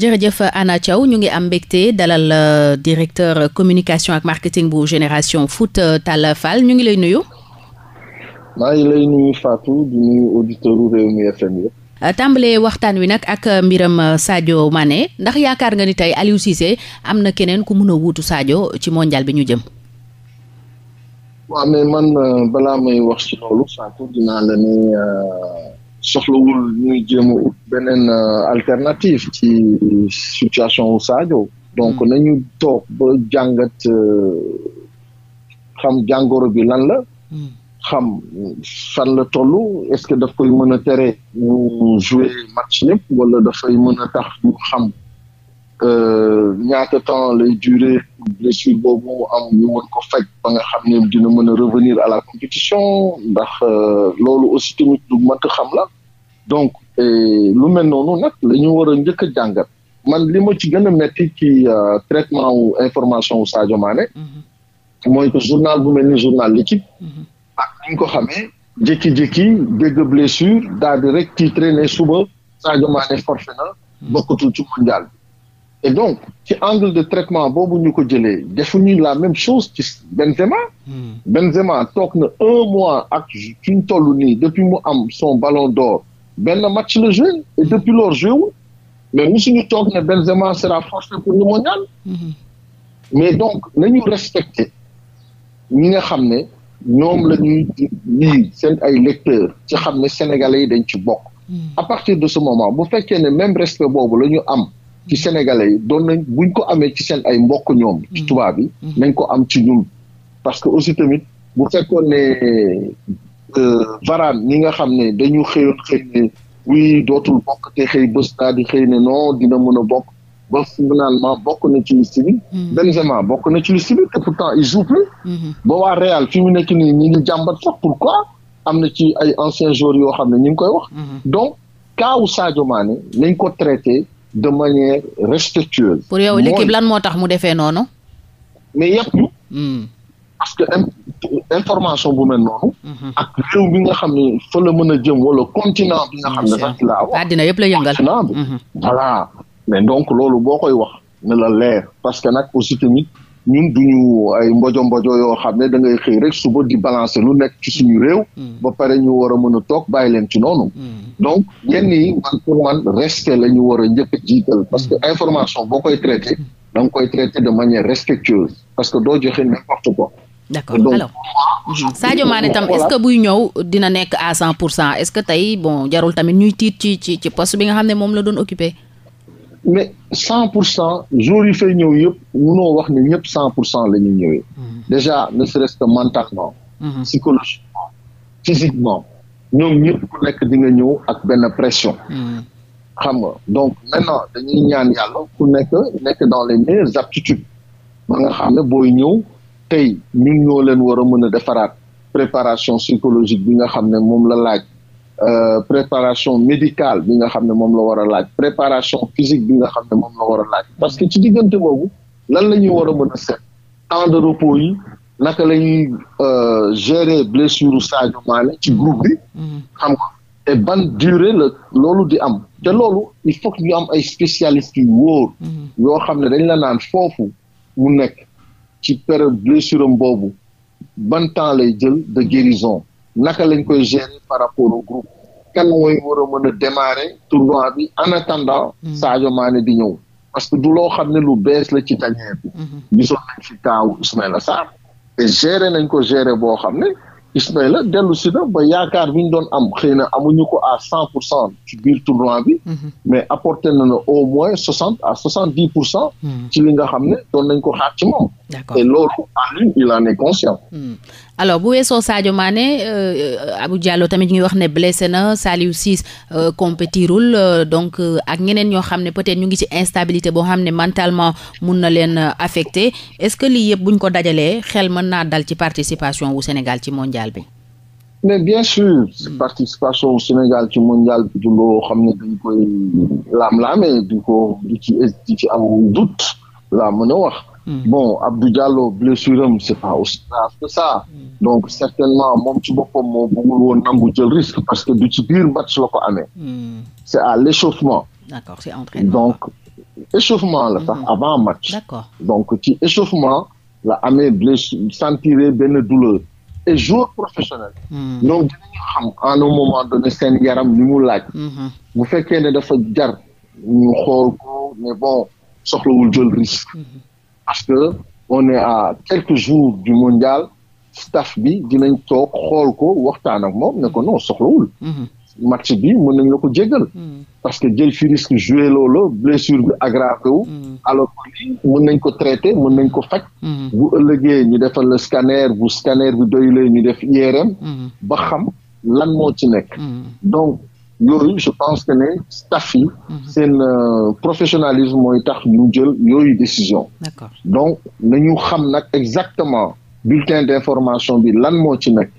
jërëjëf Anna Thiaw ñu ngi am mbégte dalal euh, directeur communication ak marketing bu Génération Foot euh, Talla Fall ñu ngi lay nuyu. maa lay nuyu Fatou di nuyu auditeur u Rewmi FM yëpp. Euh, tàmbalee waxtaan wi nag ak mbiram Sadio Mané ndax yaakaar nga ni tey Aliou Cissé am na keneen ku mun a wuutu saajo ci mondial bi ñu jëm. waaw mais man balaa may wax ci loolu Fatou dinaa la ne. soxlawul ñuy jéem a ut beneen euh, alternative ci situation wu Sadio donc hmm. nañu toog ba jàngat euh, xam jàngoro bi lan la hmm. xam fan la tollu est-ce que daf koy mën a tere ñu jouer match yëpp wala dafay mën a tax ñu xam ñaata temps lay durer blessure boobu am ñu mën ko faj ba nga xam ne dina mën a revenir à la compétition ndax euh, loolu aussi tamit lu mënta xam la donc lu mel noonu nag la ñu war jàngat man li ci gën a metti ci euh, traitement wu information wu Sadio Mané mm-hmm. mooy que journal bu mel ni journal l'équipe mm-hmm. ak ni ko xamee jékki-jékki dégg blessure daal di rek suba Sadio Mané forfait na mm-hmm. bokkatul ci mondial donc ci angle de traitement boobu ñu ko jëlee defuñu la même chose ci Benzema. Hmm. Benzema toog na un mois ak fi ñu toll nii depuis mu am son ballon d'or benn match la joué et depuis lors joué wul mais musuñu toog ne Benzema sera forcé pour le mondial. Hmm. mais donc nañu respecté ñi nga xam ne ñoom la ñuy lii seen ay lecteurs ci xam ne sénégalais yi dañ ci bokk. Hmm. à partir de ce moment bu fekkee ne même respect boobu la ñu am. ci sénégalais yi doon nañ buñ ko amee ci seen ay mbokk ñoom. ci mm-hmm. tubaab yi. Mm-hmm. nañ ko am ci ñun. parce que aussi tamit bu fekkoon ne euh, varaan ñi nga xam ne dañu xëyoon xëy ne oui dootul bokk te xëy bés naa xëy ne non dina mën a bokk ba finalement bokk na ci liste bi. Mm-hmm. Benzema bokk na ci liste bi te pourtant il plus. ba waa Real fi mu nekk ni ñu ngi jàmbat sax pourquoi am na ci ay anciens joueurs yoo xam ne ñu ngi koy wax. donc kaawu Sadio Mané nañ ko traité. de manière respectueuse. pour yow l'équipe lan moo tax mu defee noonu. mais yàpp. Hmm. parce que information bu mel noonu. Mhm. ak réew bi nga xam ne fa la mën a jëm wala continent bi nga xam ne sax laa wax. àddina yëpp la yëngal continent bi. Mhm. mais donc loolu boo koy wax ne la leer parce que nag aussi tamit ñun duñu ay mbojo mbojo yoo xam ne da ngay xëy rek suba di balancer lu nekk ci suñu réew. Mm. ba pare ñu war a mën a toog bàyyi leen ci noonu. Mm. donc ñenn yi man pour man respect la ñu war a njëkk a jiital parce que information boo koy traité da nga koy traité de manière respectueuse parce que doo joxe n'importe quoi. d'accord alors mm-hmm. Sadio Mané tam est-ce que buy ñëw dina nekk à cent pour cent est-ce que tey bon jarul tamit ñuy tiit ci ci ci poste bi nga xam ne moom la doon occupé. mais cent pour cent jours yi fay ñëw yëpp munoo wax ne ñëpp cent pour cent la ñuy ñëwee mm-hmm. déjà ne serait-ce que mentalement mm-hmm. psychologiquement physiquement ñoom ñëpp ku nekk di nga ñëw ak benn pression mm-hmm. xam nga donc maintenant dañuy ñaan yàlla ku nekk nekk dans les meilleures aptitudes ba nga xam ne booy ñëw tey ñun ñoo leen war a mën a defaraat préparation psychologique bi nga xam ne moom la laaj Euh, préparation médicale bi nga xam ne moom la war a laaj préparation physique bi nga xam ne moom la war a laaj parce que ci diggante boobu lan la ñuy war a mën a seet temps de repos yi naka la ñuy euh, gérer blessure Sadio Mané ci groupe bi mhm. xam et ban durée la loolu di am te loolu il faut ñu am ay spécialiste yu wóor mhm. yoo xam ne dañ la naan foofu mu nekk ci période blessure am boobu ban temps lay jël de guérison naka lañ koy gérer par rapport au groupe kan mooy war a mën a démarrer tournoi bi en attendant mm-hmm. Sadio Mané di ñëw parce que du loo xam ne lu bees la ci tanière bi mm-hmm. gisoon nañ fi taaw Ismaïla Sarr te gérer nañ ko gérer boo xam ne Ismaïla dellu si na ba yaakaar bi ñu doon am xëy na amuñu ko à cent pour cent ci biir tournoi bi. Mhm. mais apporté nañu au moins soixante à soixante dix pour cent. Mhm. ci li nga xam ne doon nañ ko xaar ci moom. et loolu en lui il en est conscient. Mm. alors bu weesoo Sadio Mané euh, Abou tamit ñu ngi wax ne blessé na Saliou Ciss euh, compétirul euh, donc ak ñeneen ñoo xam ne peut-être ñu ngi ci instabilité boo xam ne mentalement mun na leen affecté est-ce que lii yëpp buñ ko dajalee xel mën naa dal ci participation wu Sénégal ci mondial. mondial bi. bien sûr hmm. participation Sénégal ci mondial bi loo xam ne dañ koy laam-laamee di ko di ci di ci am doute laa mën a wax. Hmm. bon Abdou Diallo blessure am c'est pas aussi grave que ça. Hmm. donc certainement moom ci boppam moo bëggul woon nangu jël risque parce que du ci biir match la ko amee. c'est à l'échauffement. d'accord c'est entraînement. donc échauffement la sax avant match. d'accord donc ci échauffement la amee blessure sentir benn douleur. et joueur professionnel. ñoom hmm. dinañu xam à un moment donné seen yaram ni mu laaj. Hmm. bu fekkee ne dafa jar ñu xool ko mais bon soxlawul jël risque. Hmm. parce que on est à quelques jours du mondial staff bi dinañ toog xool ko waxtaan a moom ne ko non soxlawul. match bi mën nañ la ko jéggal hmm. parce que jël fi risque joué loolu blessure bi aggravé wu hmm. mën nañ ko traité mën nañ ko faj hmm. bu ëllëgee ñu defal la scanner bu scanner bi doyulee ñu def IRM ba xam lan moo ci nekk donc yooyu je pense que ne staff yi seen euh, professionnalisme mooy tax ñu jël yooyu décision donc nañu xam nag exactement bulletin d'information bi lan moo ci nekk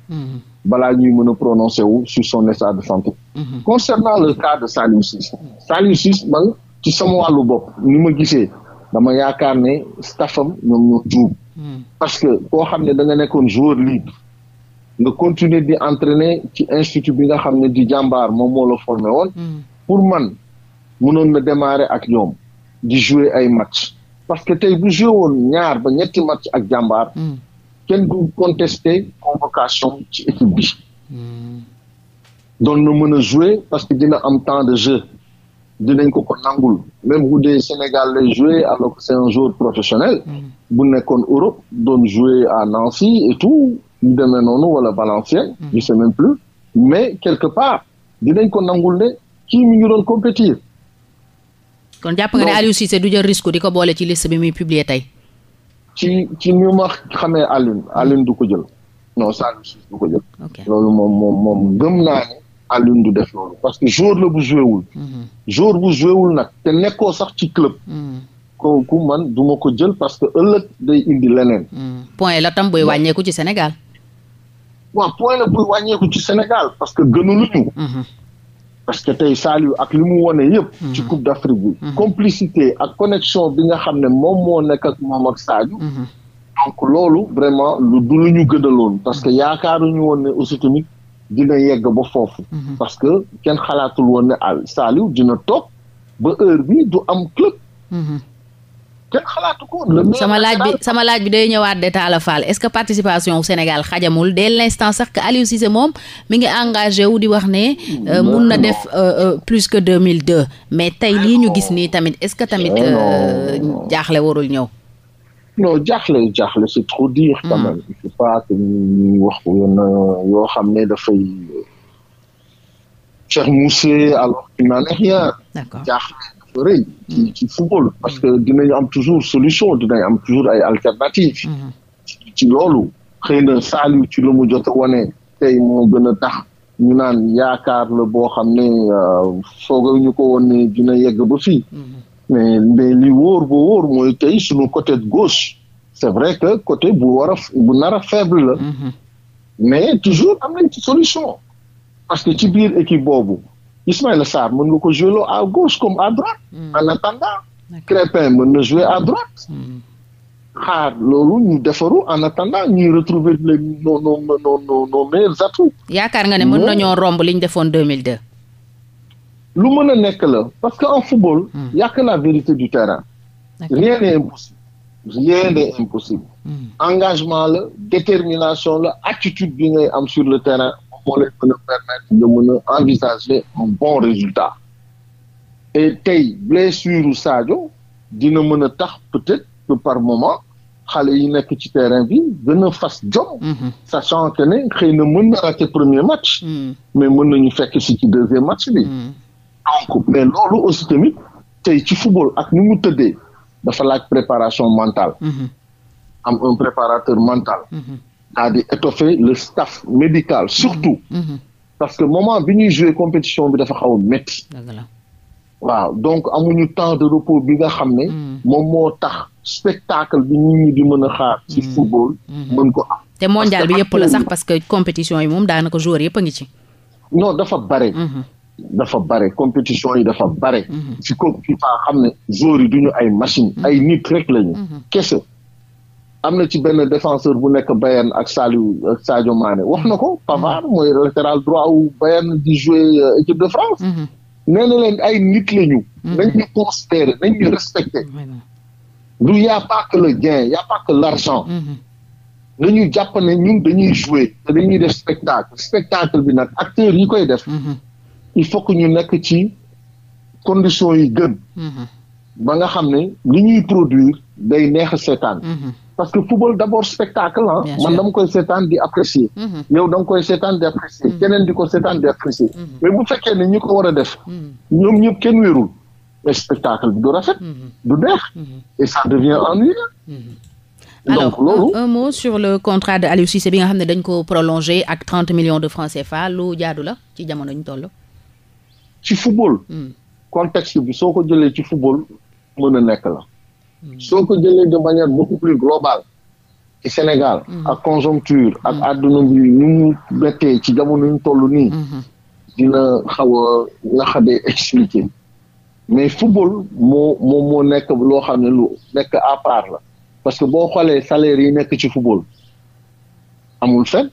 balaa ñuy mën a prononcé wu sur son état de santé. Mhm. concernant le cas de Saliou Ciss. Mhm. Saliou Ciss man ci sama wàllu bopp ni ma gisee dama yaakaar ne staffam ñoom ñoo tuub. Mhm. parce que koo xam ne da nga nekkoon joueur libre. nga continuer di entraîner ci institut bi nga xam ne di jàmbaar moom moo la formé woon. pour man mënoon na démarrer ak ñoom. di jouer ay match parce que tey bu joué woon ñaar ba ñetti match ak jàmbaar. kenn du contester convocation ci équipe bi. doon na mën a jouer parce que dina am temps de jeu dinañ ko ko nangul même bu dee Sénégal lay jouer alors que c'est un joueur professionnel. Mm. bu nekkoon Europe don jouer à Nancy et tout ñu demee noonu wala Valenciennes. Mm. je sais même plus mais quelque part dinañ ko nangul ne kii mi ngi doon compétir. kon jàpp nga ne Aliou Cissé du jël risque di ko boole ci liste bi muy publier tey. ci ci ñu ma xamee Alioune Alioune du ko jël non Saliou Ciss du ko jël. loolu moom moom gëm naa ne du def loolu parce que jour la bu joué wul. Mhm. jour bu joué wul nag te nekkoo sax ci club. Mhm. kooku man du ko jël parce que ëllëg day indi leneen. Mhm. point la tam buy wàññeeku ci Sénégal. waaw point la buy wàññeeku ci Sénégal parce que gënu parce que tey Saliou ak li mu wone yëpp. Mhm. ci Coupe d'Afrique bi. Mhm. complicité ak connexion bi nga xam ne moom moo nekk ak moom ak Sadio. Mhm. donc loolu vraiment lu du lu ñu gënaloon parce que yaakaar yaakaaruñu woon ne aussi tamit dina yegg ba foofu. parce que kenn xalaatul woon ne Saliou dina toog ba heure bi du am club. kenn xalaatu sama laaj bi sama laaj bi day ñëwaat de Talla est-ce que participation au Sénégal xajamul dès l'instant sax que Aliou Cissé moom mi ngi engagé wu di wax ne euh, mun na def euh, euh, plus que deux mille deux mais tey lii ñu gis nii tamit est-ce que tamit jaaxle warul ñëw non jaaxle jaaxle c'est trop dire quand hmm. même wax yenn yoo xam ne dafay faire mousser alors qu'il rien rëy ci mm-hmm. ci football parce que mm-hmm. dinañ am toujours solution dinañ am toujours ay alternative mm-hmm. ci loolu xëy na Saliou ci lu mu jot wane tey moo gën a tax ñu naan yaakaar la boo xam ne euh, foog ñu ko woon ne dina yegg ba fii mais mais li wóor ba wóor mooy tey suñu côté gos c'est vrai que côté bu war bu nar a faible la mais toujours am nañ ci solution parce que ci biir équipe boobu Ismaïla Sarr mën nga ko jouer loo à gauche comme à droite. Hmm. en attendant. Crépin mën na jouer à droite. Hmm. xaar loolu ñu defaru en attendant ñuy retrouver les nos nos nos nos yaakaar nga ne mën nañoo romb li ñu defoon 2002. lu mën a nekk la parce que en football. Hmm. y a la vérité du terrain. rien n'est impossible. rien n'est impossible. engagement la détermination la attitude bi ngay am sur le terrain moo lay mën a permettre nga mën a envisager un bon résultat et tey blessure Sadio dina mën a tax peut-être que par moment xale yi nekk ci terrain bi gën a fas jom. sa que ne xëy na mën na raté premier match. mais mën nañu fekk si ci deuxième match bi. donc mais loolu aussi tamit tey ci football ak ni mu tëddee dafa laaj préparation mentale. am un préparateur mental. à di étoffer le staff médical surtout. Mm-hmm. Mm-hmm. parce que moment bi ñuy jouer compétition bi dafa xaw a métti. waaw donc amuñu temps de repos bi nga xam ne. Mm-hmm. moom moo tax spectacle bi nit ñi di mën a xaar. ci football mën ko am. te mondial bi yëpp la sax parce que compétition yi moom daanaka joueur yëpp a ngi ci. non dafa bare. dafa bare compétition yi dafa bare. ci ko ci faa xam ne joueurs yi duñu ay machine ay nit rek lañu kese. am na ci benn défenseur bu nekk Bayern ak Saliou ak Sadio Mané wax na ko mhm. Pavard mooy latéral droit wu Bayern di jouer euh, équipe de France mhm. nee ay nit la ñu mhm. nañ ñu considérer lu ñu a pas que le gain y a pas que l'argent nañu jàpp ne ñun dañuy jouer te dañuy def spectacle spectacle bi nag acteurs yi koy def il faut que ñu nekk ci conditions yi gën ba nga xam ne lu ñuy produire day neex a seetaan parce que football d'abord spectacle ah. man dama koy seetaan di apprécier. Mm-hmm. yow da nga koy seetaan di apprécier. Mm-hmm. keneen di ko seetaan di apprécier. Mm-hmm. mais bu fekkee ne ñi ko war a def. ñoom ñëpp kenn wérul mais spectacle bi du rafet. du neex. et ça devient ennuyeux. alors donc, un, un mot sur le contrat de Aliou Cissé bi nga xam ne dañ ko prolongé ak trente millions de francs fa lu jaadu la ci jamono ñu toll. ci football. Mm. contexte bi soo ko jëlee ci football mën a nekk la. Hmm. soo ko jëlee de manière beaucoup plus globale ci Sénégal hmm. ak conjoncture ak hmm. àdduna bi ñu mu ci jamono ñu toll nii dina xaw a nga xadee expliqué mais football moo moo nekk loo xam ne lu nekk à part la parce que boo xoolee salaire yi nekk ci football amul fen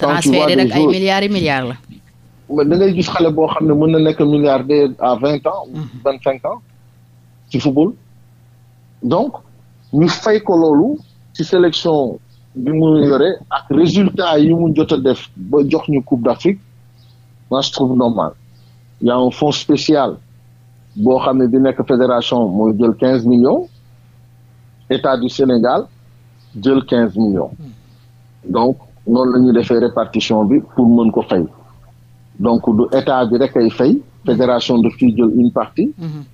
transfert yi nag ay milliards yi milliards la da ngay gis xale boo xam ne mën na nekk milliardaire à vingt ans vingt cinq ans ci football donc ñu fay ko loolu ci sélection bi mu yore ak résultat yi mu jota def ba jox ñu coupe d'Afrique moi je trouve normal y un fonds spécial boo xam ne bi nekk fédération mooy jël quinze millions état du Sénégal jël quinze millions donc noonu la ñuy defee répartition bi pour mën ko fay donc du état bi rek ay fay fédération daf ciy jël une partie. Mm-hmm.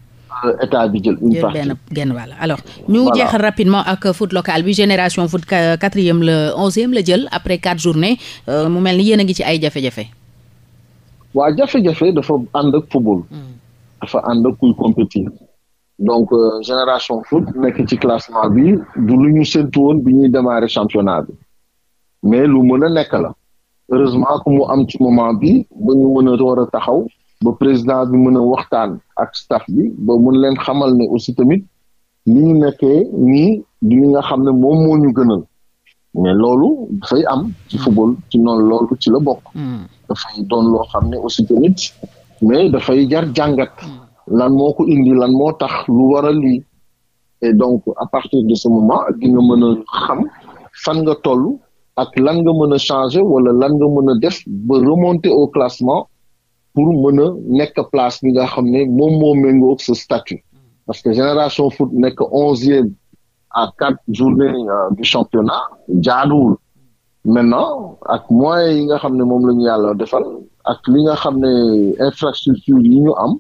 Euh, état bi jël une partie benn genn ñu jeexal rapidement ak foot local bi génération foot quatrième la onzième la jël après quatre journées euh, mu mel ni yéen a ngi ci ay jafe-jafe waa jafe-jafe dafa ànd ak football hmm. dafa ànd ak kuy compétir donc euh, génération foot nekk ci classement bi du lu ñu séntu woon bi ñuy démarrer championnat bi mais lu mën a nekk la heureusement que mu am ci moment bi ba ñu mën a war a taxaw ba président bi mën a waxtaan ak staff bi ba mun leen xamal ne aussi tamit li ñu nekkee nii di nga xam ne moom moo ñu gënal mais loolu dafay am ci mm. football ci noonu loolu ci la bokk. Mm. dafay doon loo xam ne aussi tamit mais dafay jar jàngat. Mm. lan moo ko indi lan moo tax lu war a lii donc à partir de ce moment di nga mën a xam fan nga toll ak lan nga mën a changer wala lan nga mën a def ba remonter au classement. pour mën a nekk place bi nga xam ne moom moo méngoog ce statut parce que génération foot nekk onzième à quatre journées euh, du championnat jaaduwul maintenant ak moyens yi nga xam ne moom la ñu yàlla defal ak li nga xam ne infrastructure yi ñu am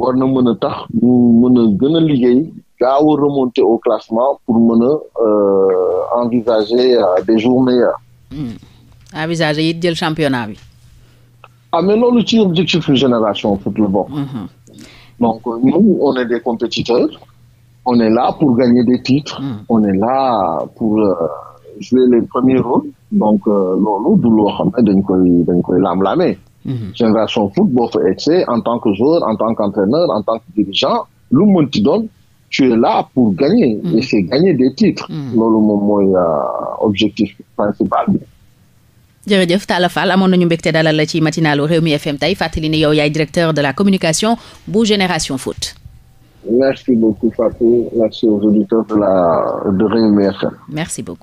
war na mën a tax ñu mën a gën a liggéey gaaw a remonter au classement pour mën a euh, envisager euh, des jours meilleurs. Hmm. envisager it jël championnat bi. ah mais loolu ci objectif génération foot la bokk. Mhm. donc nous on est des compétiteurs. on est là pour gagner des titres. Mmh. on est là pour euh, jouer les premiers rôles. donc euh, loolu du loo xam ne dañ koy dañ koy lamlamee. Mhm. génération foot boo fa en tant que joueur en tant qu'entraîneur en tant que dirigeant lu mu mënti doon. tu es là pour gagner. Mmh. et c'est gagner des titres. Mhm. loolu moom mooy euh, objectif principal jërëjëf Talla Fall amoon nañu mbégte dalal la ci matinalu Rewmi FM tey fàttali ni yow yaay directeur de la communication bu Génération Foot. merci beaucoup Fatou merci aux auditeurs de la de Rewmi FM. merci beaucoup.